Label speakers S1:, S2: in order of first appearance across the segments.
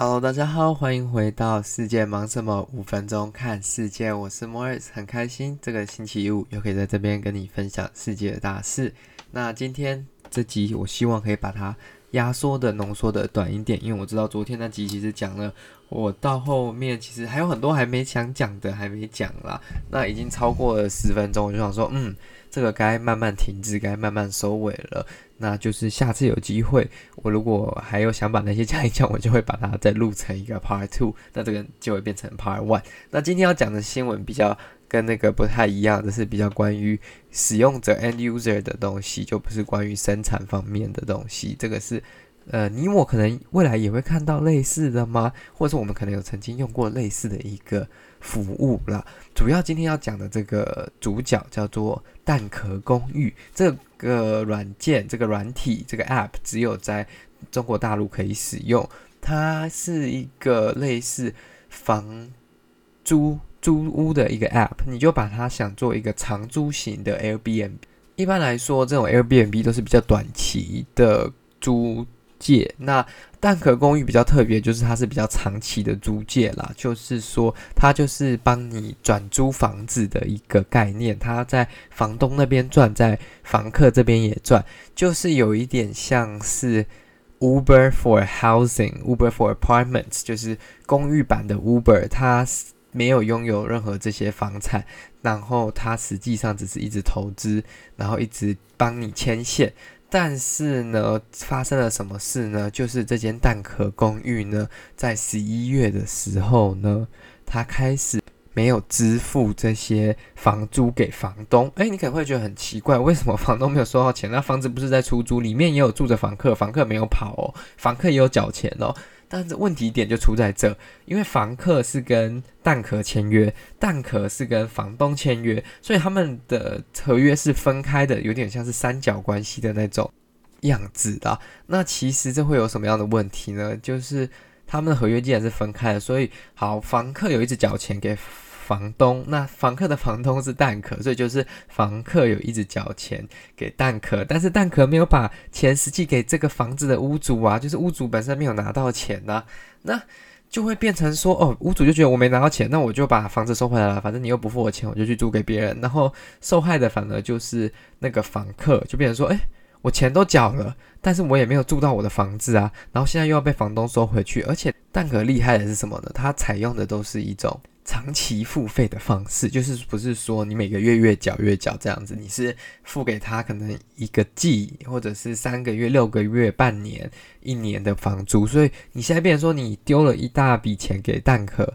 S1: Hello，大家好，歡迎回到《世界忙什麼》五分鐘看世界，我是 Morris，很開心這個星期五又可以在這邊跟你分享世界的大事。那今天這集，我希望可以把它，壓縮的、濃縮的、短一點，因為我知道昨天那集其實講了，我到後面其實還有很多還沒想講的，還沒講啦。那已經超過了十分鐘，我就想說，嗯，這個該慢慢停止，該慢慢收尾了。那就是下次有機會，我如果還有想把那些講一講，我就會把它再錄成一個 part two，那這個就會變成 part one。那今天要講的新聞比較。跟那個不太一樣的是，比較關於使用者 end user 的東西，就不是關於生產方面的東西。這個是，呃，你我可能未來也會看到類似的嗎？或者是我們可能有曾經用過類似的一個服務啦。主要今天要講的這個主角叫做蛋殼公寓，這個軟件、這個軟體、這個 app 只有在中國大陸可以使用。它是一個類似房租、租屋的一個 app，你就把它想做一個長租型的 Airbnb。一般來說，這種 Airbnb 都是比較短期的租借。那蛋殼公寓比較特別，就是它是比較長期的租借啦，就是說它就是幫你轉租房子的一個概念，它在房東那邊賺，在房客這邊也賺，就是有一點像是 Uber for Housing、Uber for Apartments，就是公寓版的 Uber，它。沒有擁有任何這些房產，然後他實際上只是一直投資，然後一直幫你牽線。但是呢，發生了什麼事呢？就是這間蛋殼公寓呢，在十一月的時候呢，他開始沒有支付這些房租給房東。誒，你可能會覺得很奇怪，為什麼房東沒有收到錢？那房子不是在出租，裡面也有住着房客，房客沒有跑哦，房客也有繳錢哦。但是問題點就出在這，因為房客是跟蛋殼簽約，蛋殼是跟房東簽約，所以他們的合約是分開的，有點像是三角關係的那種樣子的啊。那其實這會有什麼樣的問題呢？就是他們的合約既然是分開的，所以好，房客有一只繳錢給。房東，那房客的房東是蛋殼，所以就是房客有一直繳錢給蛋殼，但是蛋殼沒有把錢實際給這個房子的屋主啊，就是屋主本身沒有拿到錢呢、啊，那就會變成說哦，屋主就覺得我沒拿到錢，那我就把房子收回來了，反正你又不付我錢，我就去租給別人。然後受害的反而就是那個房客，就變成說，誒，我錢都繳了，但是我也沒有住到我的房子啊，然後現在又要被房東收回去，而且蛋殼厲害的是什麼呢？它採用的都是一種。長期付費的方式，就是不是說你每個月月繳月繳這樣子，你是付給他可能一個季，或者是三個月、六個月、半年、一年的房租，所以你現在變成說你丟了一大筆錢給蛋殼。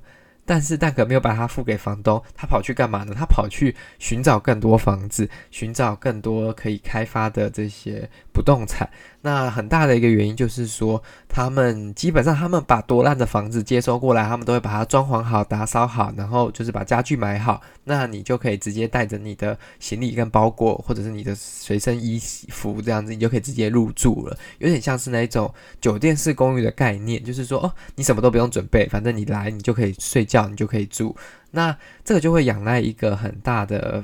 S1: 但是蛋殼沒有把它付給房東，他跑去幹嘛呢？他跑去尋找更多房子，尋找更多可以開發的這些不動產。那很大的一個原因就是說，他們基本上他們把多爛的房子接收過來，他們都會把它裝潢好、打掃好，然後就是把家具買好。那你就可以直接帶着你的行李跟包裹，或者是你的隨身衣服這樣子，你就可以直接入住了。有點像是那種酒店式公寓的概念，就是說哦，你什麼都不用準備，反正你來你就可以睡。叫你就可以住，那這個就會仰賴一個很大的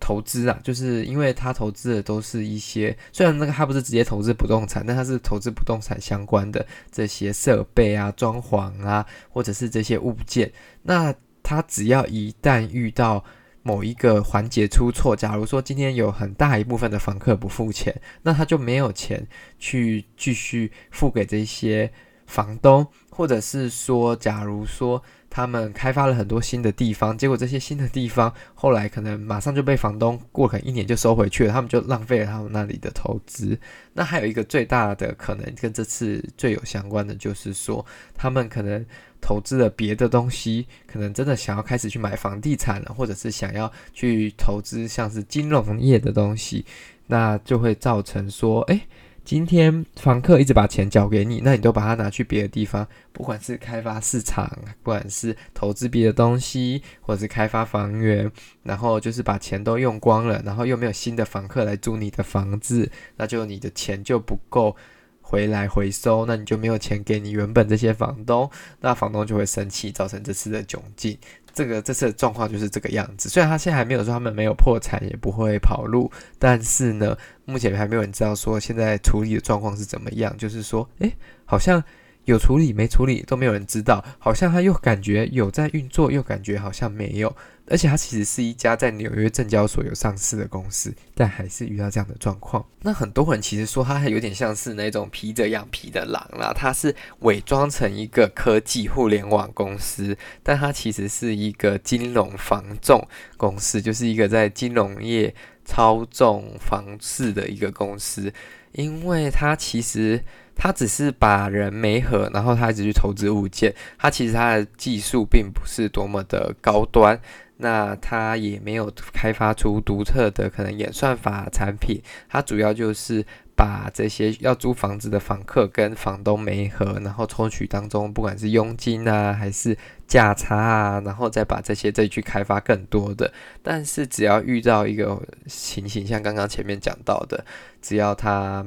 S1: 投資啊，就是因為他投資的都是一些，雖然那個他不是直接投資不動產，但他是投資不動產相關的這些設備啊、裝潢啊，或者是這些物件。那他只要一旦遇到某一個環節出錯，假如說今天有很大一部分的房客不付錢，那他就沒有錢去繼續付給這些房東，或者是說，假如說。他們開發了很多新的地方，結果這些新的地方後來可能馬上就被房東過了一年就收回去了，他們就浪費了他們那裡的投資。那還有一個最大的可能跟這次最有相關的，就是說他們可能投資了別的東西，可能真的想要開始去買房地產了，或者是想要去投資像是金融業的東西，那就會造成說，誒、欸。今天房客一直把錢交給你，那你都把它拿去別的地方，不管是開發市場，不管是投資別的東西，或者是開發房源，然後就是把錢都用光了，然後又沒有新的房客來租你的房子，那就你的錢就不夠。回來回收，那你就沒有錢給你原本這些房東，那房東就會生氣，造成這次的窘境。這個這次的狀況就是這個樣子。雖然他現在還沒有說他們沒有破產，也不會跑路，但是呢，目前還沒有人知道說現在處理的狀況是怎麼樣。就是說，誒，好像。有處理沒處理都沒有人知道，好像他又感覺有在運作，又感覺好像沒有，而且他其實是一家在紐約證交所有上市的公司，但還是遇到這樣的狀況。那很多人其實說他有點像是那種披著羊皮的狼啦，他是偽裝成一個科技互聯網公司，但他其實是一個金融房仲公司，就是一個在金融業。操縱房市的一個公司，因為它，其實它只是把人媒合，然後它一直去投資物件，它，其實它的技術並不是多麼的高端，那它也沒有開發出獨特的可能演算法產品，它主要就是。把這些要租房子的房客跟房東媒合，然後抽取當中不管是佣金啊，還是價差啊，然後再把這些再去開發更多的。但是只要遇到一個情形，形，像剛剛前面講到的，只要他。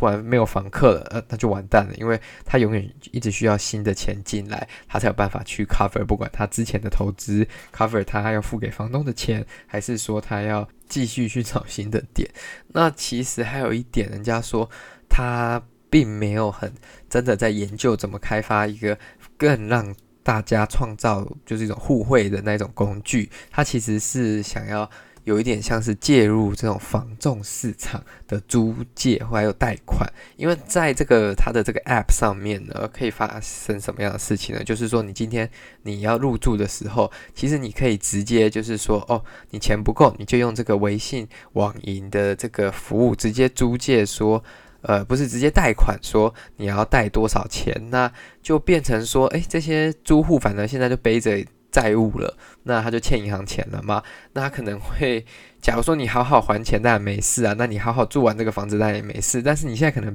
S1: 不然沒有房客了，呃，那就完蛋了，因為他永遠一直需要新的錢進來，他才有辦法去 cover 不管他之前的投資 cover 他要付給房東的錢，還是說他要繼續去找新的點。那其實還有一點，人家說他並沒有很真的在研究怎麼開發一個更讓大家創造就是一種互惠的那種工具，他其實是想要。有一點像是介入這種房仲市場的租借，或還有貸款，因為在這個它的這個 App 上面呢，可以發生什麼樣的事情呢？就是說，你今天你要入住的時候，其實你可以直接就是說，哦，你錢不夠，你就用這個微信網銀的這個服務直接租借，說，呃，不是直接貸款，說你要貸多少錢那、啊、就變成說，哎，這些租戶反正現在就背着。債務了，那他就欠銀行錢了嘛。那他可能會，假如說你好好還錢，那也沒事啊。那你好好住完這個房子，那也沒事。但是你現在可能。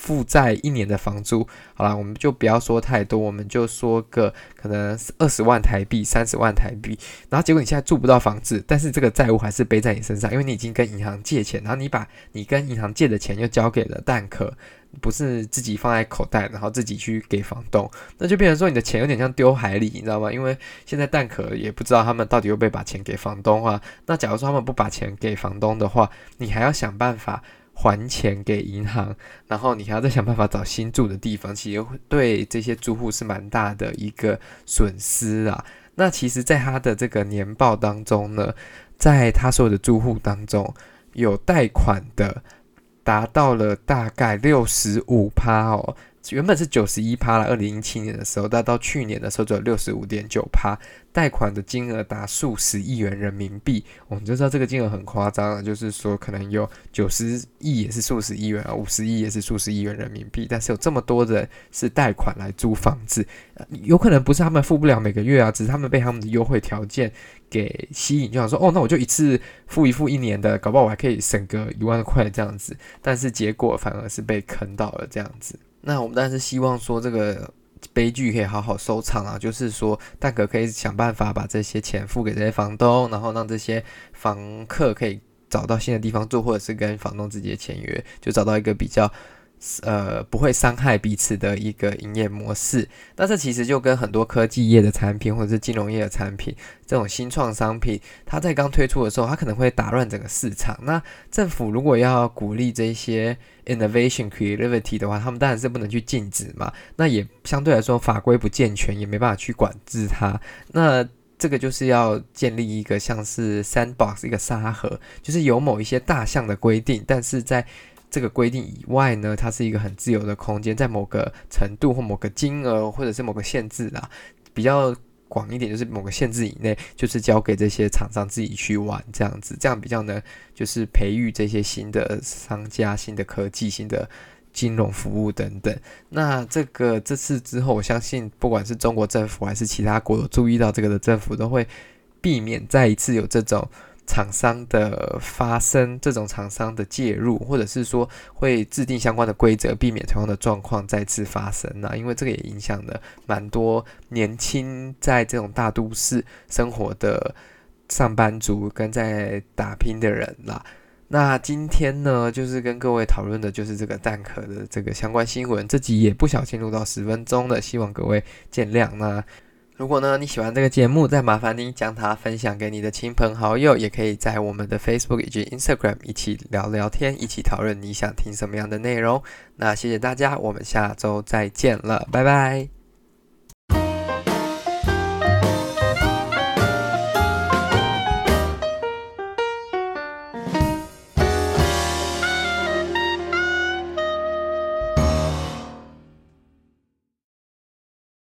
S1: 負債一年的房租，好啦，我們就不要說太多，我們就說個可能二十萬台幣、三十萬台幣，然後結果你現在住不到房子，但是這個債務還是背在你身上，因為你已經跟銀行借錢，然後你把你跟銀行借的錢又交給了蛋殼，不是自己放在口袋，然後自己去給房東，那就變成說你的錢有點像丟海裡，你知道嗎？因為現在蛋殼也不知道他們到底會不會把錢給房東啊。那假如說他們不把錢給房東的話，你還要想辦法。還錢給銀行，然後你還要再想辦法找新住的地方，其實對這些住戶是蠻大的一個損失啊。那其實，在他的這個年報當中呢，在他所有的住戶當中，有貸款的達到了大概六十五趴哦。原本是九十一趴了，二零一七年的時候，到到去年的時候，只有六十五點九趴。貸款的金額達數十億元人民幣，我們就知道這個金額很誇張了。就是說，可能有九十億也是數十億元啊，五十億也是數十億元人民幣。但是有這麼多人是貸款來租房子，有可能不是他們付不了每個月啊，只是他們被他們的優惠條件給吸引，就想說哦，那我就一次付一付一年的，搞不好我還可以省個一萬塊這樣子。但是結果反而是被坑到了這樣子。那我們當然是希望說這個悲劇可以好好收場啊，就是說蛋殼可以想辦法把這些錢付給這些房東，然後讓這些房客可以找到新的地方住，或者是跟房東直接簽約，就找到一個比較。呃，不會傷害彼此的一個營業模式，但是其實就跟很多科技業的產品或者是金融業的產品這種新創商品，它在剛推出的時候，它可能會打亂整個市場。那政府如果要鼓勵這些 innovation creativity 的話，他們當然是不能去禁止嘛。那也相對來說法規不健全，也沒辦法去管制它。那這個就是要建立一個像是 sandbox 一個沙盒，就是有某一些大項的規定，但是在這個規定以外呢，它是一個很自由的空間，在某個程度或某個金額或者是某個限制啦，比較廣一點，就是某個限制以內，就是交給這些廠商自己去玩這樣子，這樣比較呢，就是培育這些新的商家、新的科技、新的金融服務等等。那這個這次之後，我相信不管是中國政府還是其他國家注意到這個的政府，都會避免再一次有這種。廠商的發生，這種廠商的介入，或者是說會制定相關的規則，避免同樣的狀況再次發生吶、啊。因為這個也影響了蠻多年輕在這種大都市生活的上班族跟在打拼的人啦、啊。那今天呢，就是跟各位討論的就是這個蛋殼的這個相關新聞，這集也不小心錄到十分鐘了，希望各位見諒吶、啊。如果呢，你喜歡這個節目，再麻煩你將它分享給你的親朋好友，也可以在我們的 Facebook 以及 Instagram 一起聊聊天，一起討論你想聽什麼樣的內容。那謝謝大家，我們下周再見了，拜拜。